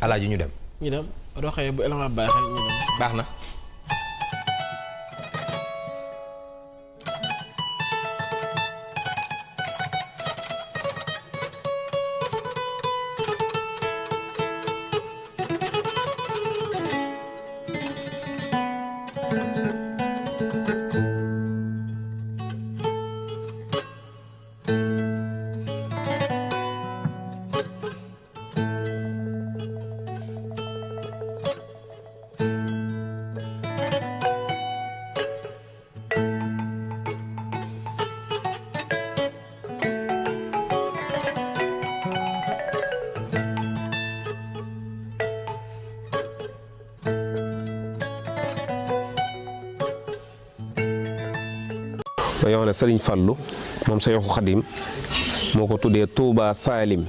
alaaji ñu dem. ñu dem roxee bu élément baaxee ñu dem. baax na. dañoo wax ne sëriñ Fallu moom Seexu Xadim moo ko tuddee Touba Salim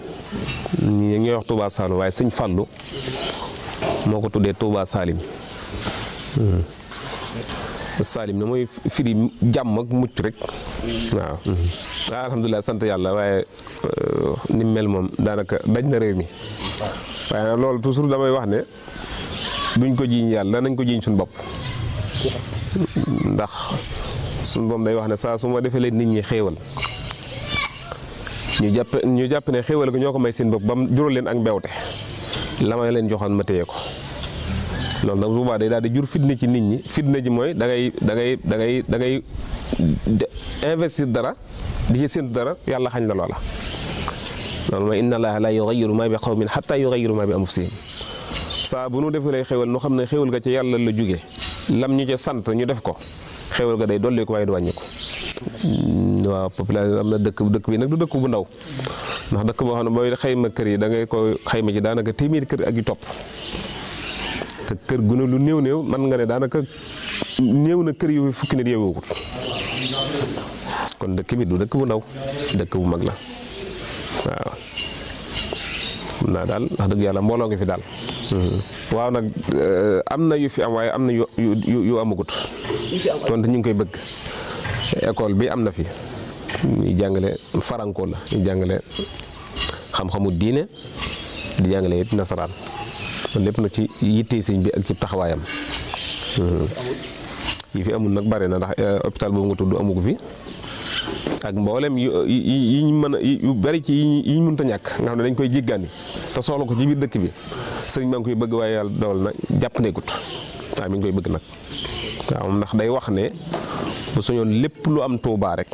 ñi ñooy wax Touba Saalum waaye sëñ Fallu moo ko tuddee Touba saalim hmm. Salim na mooy firi jàmm ak mucc rek waaw. waaw hmm. ah, sant yàlla waaye euh, ni mel moom daanaka daj na réew mi waaye nag loolu toujours damay wax ne duñ ko jiiñ yàlla nañ ko jiiñ suñ bopp ndax. suñu boom day wax ne saa su ma defalee nit ñi xéewal ñu jàpp ñu jàpp ne xéewal gi ñoo ko may seen bopp ba mu jural leen ak mbewte la may leen joxoon ma téye ko loolu nag bu baax day daal di jur fitna ci nit ñi fitna ji mooy da ngay da ngay da ngay da dara di ci séntu dara yàlla xañ la loola loolu mooy inna allaha la yughayyiru ma bi xaw qawmin hatta yughayyiru ma bi anfusihim saa bu nu defalee xéwal nu xam ne xéwal ga ci yàlla la jógee lam ñu ca sant ñu def ko xéwal ga day dolli ko waaye du wàññi ko mm, waaw population am na dëkk dëkk bi nag dëkk bu ndaw ndax dëkk boo xam ne booy xayma kër yi da ngay ko xayma ci daanaka téeméeri kër ak yu topp te kër gu lu néew néew man nga ne daanaka néew na kër yu fukki nit yeewewut kon dëkk bi du dëkk bu ndaw dëkk bu mag la waaw xam naa daal wax dëgg yàlla mbooloo ngi fi daal Mm-hmm. waaw nag eh, am na yu fi am waaye am na yu yu yu amagut. tontu ñu ngi koy bëgg. école bi am na fi ñuy jàngale faranko la ñuy jàngale xam-xamu diine di jàngale it nasaraan lépp na ci yittee sëñ bi ak ci taxawaayam. Mm-hmm. yi fi amul nag bari na ndax eh, hôpital boobu nga tudd amu fi. ak mboolem yu yi ñu mën a yu bari ci yi ñu mënta ñàkk nga xam ne dañ koy jéggaani te soxla ko ci biir dëkk bi sëñ maa ngi koy bëgg waaye yàlla dogal na jàpp negut waaw mi ngi koy bëgg nag waaw ndax day wax ne bu soñoon lépp lu am tuubaa rek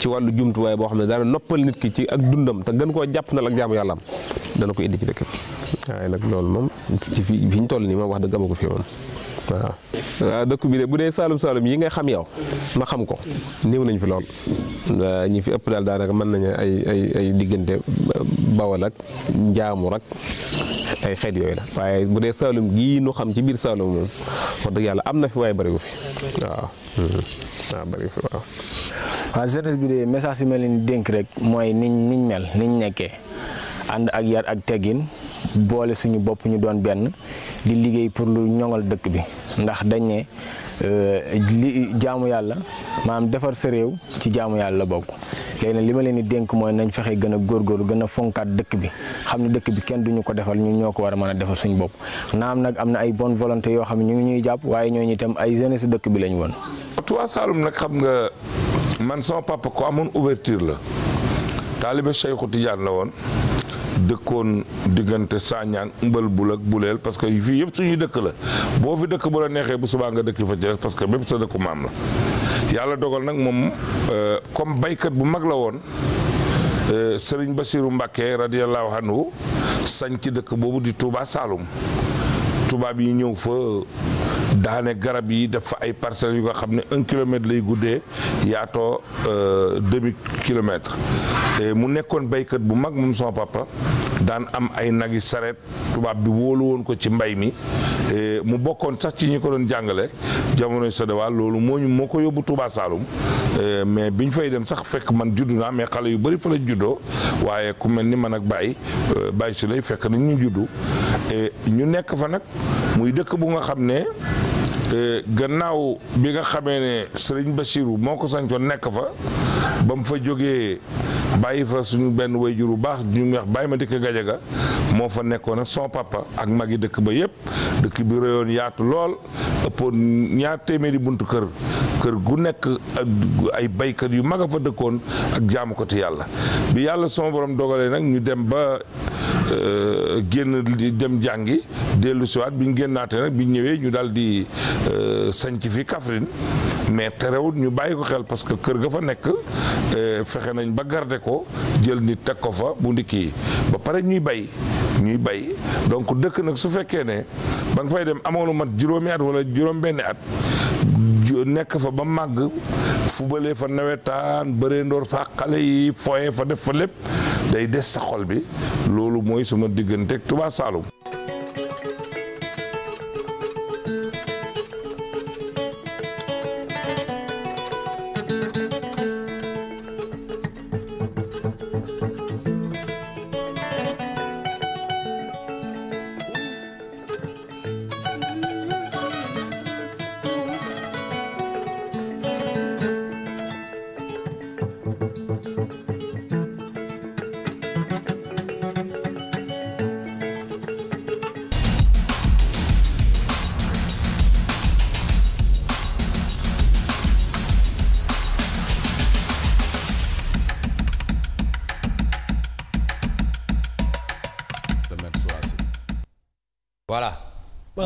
ci wàllu jumtuwaay boo xam ne daana noppal nit ki ci ak dundam te gën koo jàpp na ak jaamu yàlla am dana ko indi ci dëkk bi waaye nag loolu moom ci fi fi ñu toll nii moom wax dëgg amu ko fi moom waaw waaw euh, dëkk bi de bu dee Saalum Saalum yi ngay xam yow ma xam ko néew nañ fi lool euh, ñi fi ëpp daal daanaka mën nañu ay ay diggante euh, bawal ak njaamur ak ay xeet yooyu la waaye bu dee Saalum gii nu xam ci biir Saalum moom wax yàlla am na fi waaye bëriwu fi waaw waaw bëriwu fi waaw. waaw bi de message yu mel ni dénk rek mooy niñ niñ mel niñ nekkee ànd ak yar ak teggin boole suñu bopp ñu doon benn di liggéey pour lu ñoŋal dëkk bi. ndax dañ ne euh, li jaamu yàlla maanaam defar sa réew ci jaamu yàlla la bokk léegi nag li ma leen di dénk mooy nañ fexe gën a góorgóorlu gën a fonkaat dëkk bi xam ne dëkk bi kenn du ñu ko defal ñu ñoo ko war a mën a defal suñu bopp naam nag am na ay bonne volonté yoo xam ne ñu ngi ñuy jàpp waaye ñooñu itam ay jeunesse su dëkk bi lañ woon. Touba Saloum nag xam nga man sama papa ko amoon ouverture la taalibe Cheikhou Tidiane la woon. dëkkoon diggante Sañaan mbël bul ak buleel parce que fii yëpp ñuy dëkk la boo fi dëkk bu la neexee bu subaa nga dëkk fa ci des parce que bépp sa dëkku maam la yàlla dogal nag moom euh, comme baykat bu mag la woon euh, Sëriñ Basiru Mbàkke radiyallahu anhu sañ ci dëkk boobu di Touba Saloum tubaab yi ñëw fa daane garab yi def fa ay parcelles yu nga xam ne un kilomètre lay guddee yaatoo euh, demi kilomètre mu nekkoon béykat bu mag mu sama papa daan am ay nagi saret tubaab bi wóolu woon ko ci mbay mi mu bokkoon sax ci ñu ko doon jàngale jamono Sénégal loolu moo ñu moo ko yóbbu Touba Saloum mais biñ fay dem sax fekk man juddu naa mais xale yu bëri fa la juddoo waaye ku mel ni man ak Baye euh, Baye si lay fekk nañ ñu juddu ñu nekk fa nag muy dëkk bu nga xam ne gannaaw bi nga xamee ne Serigne Bassirou moo ko sañcoon nekk fa ba mu fa jógee bàyyi fa suñu benn wayjur bu baax ñu wax bàyyi ma dikk gajaga moo fa nekkoon ak son papa ak mag yi dëkk ba yépp dëkk bi réyoon yaatu lool ëppoon ñaar téeméeri bunt kër kër gu nekk ay baykat yu mag fa dëkkoon ak jaamukatu yàlla bi yàlla sama borom dogalee nag ñu dem ba Euh, génn di dem jàngi dellu siwaat bi ñu génnaatee nag bi ñu ñëwee ñu daal di euh, sanc fi Kaffrine mais terewut ñu bàyyi ko xel parce que kër ga fa nekk euh, fexe nañ ba garder ko jël nit teg ko fa bu ndikki ba pare ñuy bay ñuy bay donc dëkk nag su fekkee ne ba nga fay dem amoon lu mat at wala juróom-benni at nekk fa ba màgg fubalee fa nawetaan bëree ndoor fa xale yi foye fa def fa lépp day des sa xol bi loolu mooy suma digganteeg Touba Saloum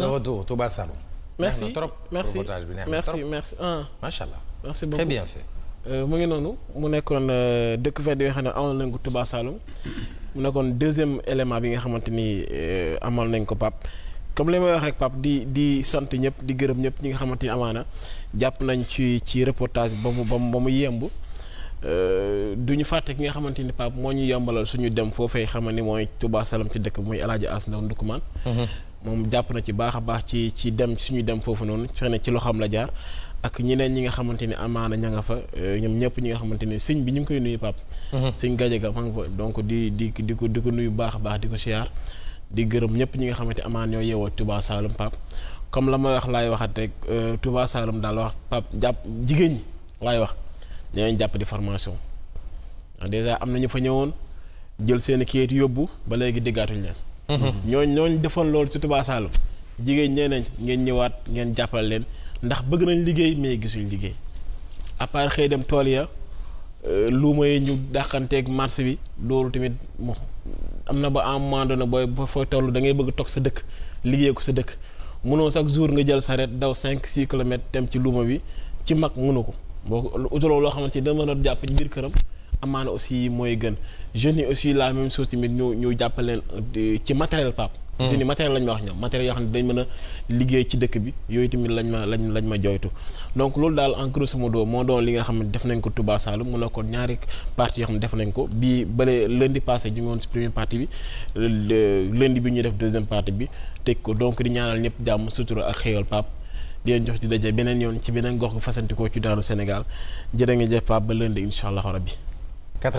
voilà de retour Touba Saloum. merci trop merci reportage bi neex na trop merci merci ah. macha allah merci beaucoup très euh, mu ngi noonu mu nekkoon euh, dëkk fête yoo xam ne amal nañ ko Touba Saloum mu nekkoon deuxième élément bi nga xamante ni euh, amal nañ ko Pape comme li may wax di di sant ñëpp di gërëm ñëpp ñi nga xamante ni amaana jàpp nañ ci ci reportage ba mu ba mu ba mu yemb du fàtte ki nga xamante ni Pape moo ñu yombalal suñu dem foofee xam ni mooy Touba Saloum ci dëkk bi muy El As Ndaw Ndukumaan mm-hmm. moom jàpp na ci baax a baax ci ci dem suñu dem foofu noonu fexe na ci loxoom la jaar ak ñeneen ñi nga xamante ni amaana ña nga fa euh, ñoom ñëpp ñi nga xamante ni sëñ bi ñu ngi koy nuyu pap mhm. sëñ Gadiaga ma nga fa donc di di di ko di ko nuyu baax a baax di ko siyaar di gërëm ñëpp ñi nga xamante amaan ñoo yeewoo Touba Saloum pap comme la mooy wax laay waxat rek euh, Touba Saloum daal wax pap jàpp jigéen ñi laay wax ñeneen jàpp di formation déjà am na ñu fa ñëwoon jël seen i kayit yóbbu ba léegi déggatuñ leen ñooñ mm-hmm. ñooñ defoon loolu ci Touba Saloum jigéen ñee nañ ngeen ñëwaat ngeen jàppal leen ndax bëgg nañ liggéey mais gisuñ liggéey à part xëy dem tool ya euh, lu may ñu dàqanteeg marché bi loolu tamit moom am na ba en moment donné booy boo fooy toll da ngay bëgg toog sa dëkk liggéey ko sa dëkk mënoo chaque jour nga jël saret daw cinq six kilomètres dem ci luuma bi ci mag munu ko boo utaloo loo xam xamante ni dama doon jàpp ci biir këram amaana aussi mooy gën jeunes yi aussi la même chose tamit ñu ñu jàppaleen ci matériel pap hmm. jeunes yi matériel lañ ma wax ñoom matériel yoo xam ne dañ mën a liggéey ci dëkk bi yooyu tamit lañ ma lañ lañ ma jooytu donc loolu daal en grosso modo moo doon li nga xam ne def nañ ko Touba Saloum mu nekkoon ñaari partie yoo xam ne def nañ ko bii bële lundi passé ñu ngi woon si première partie bi lënd bi ñuy def deuxième partie bi teg ko donc di ñaanal ñëpp jàmm sutura ak xéewal pap di leen jox di daje beneen yoon ci beneen gox gu fasantikoo ci daaru Sénégal jërë nga jëf Pape ba lundi incha allah rabbi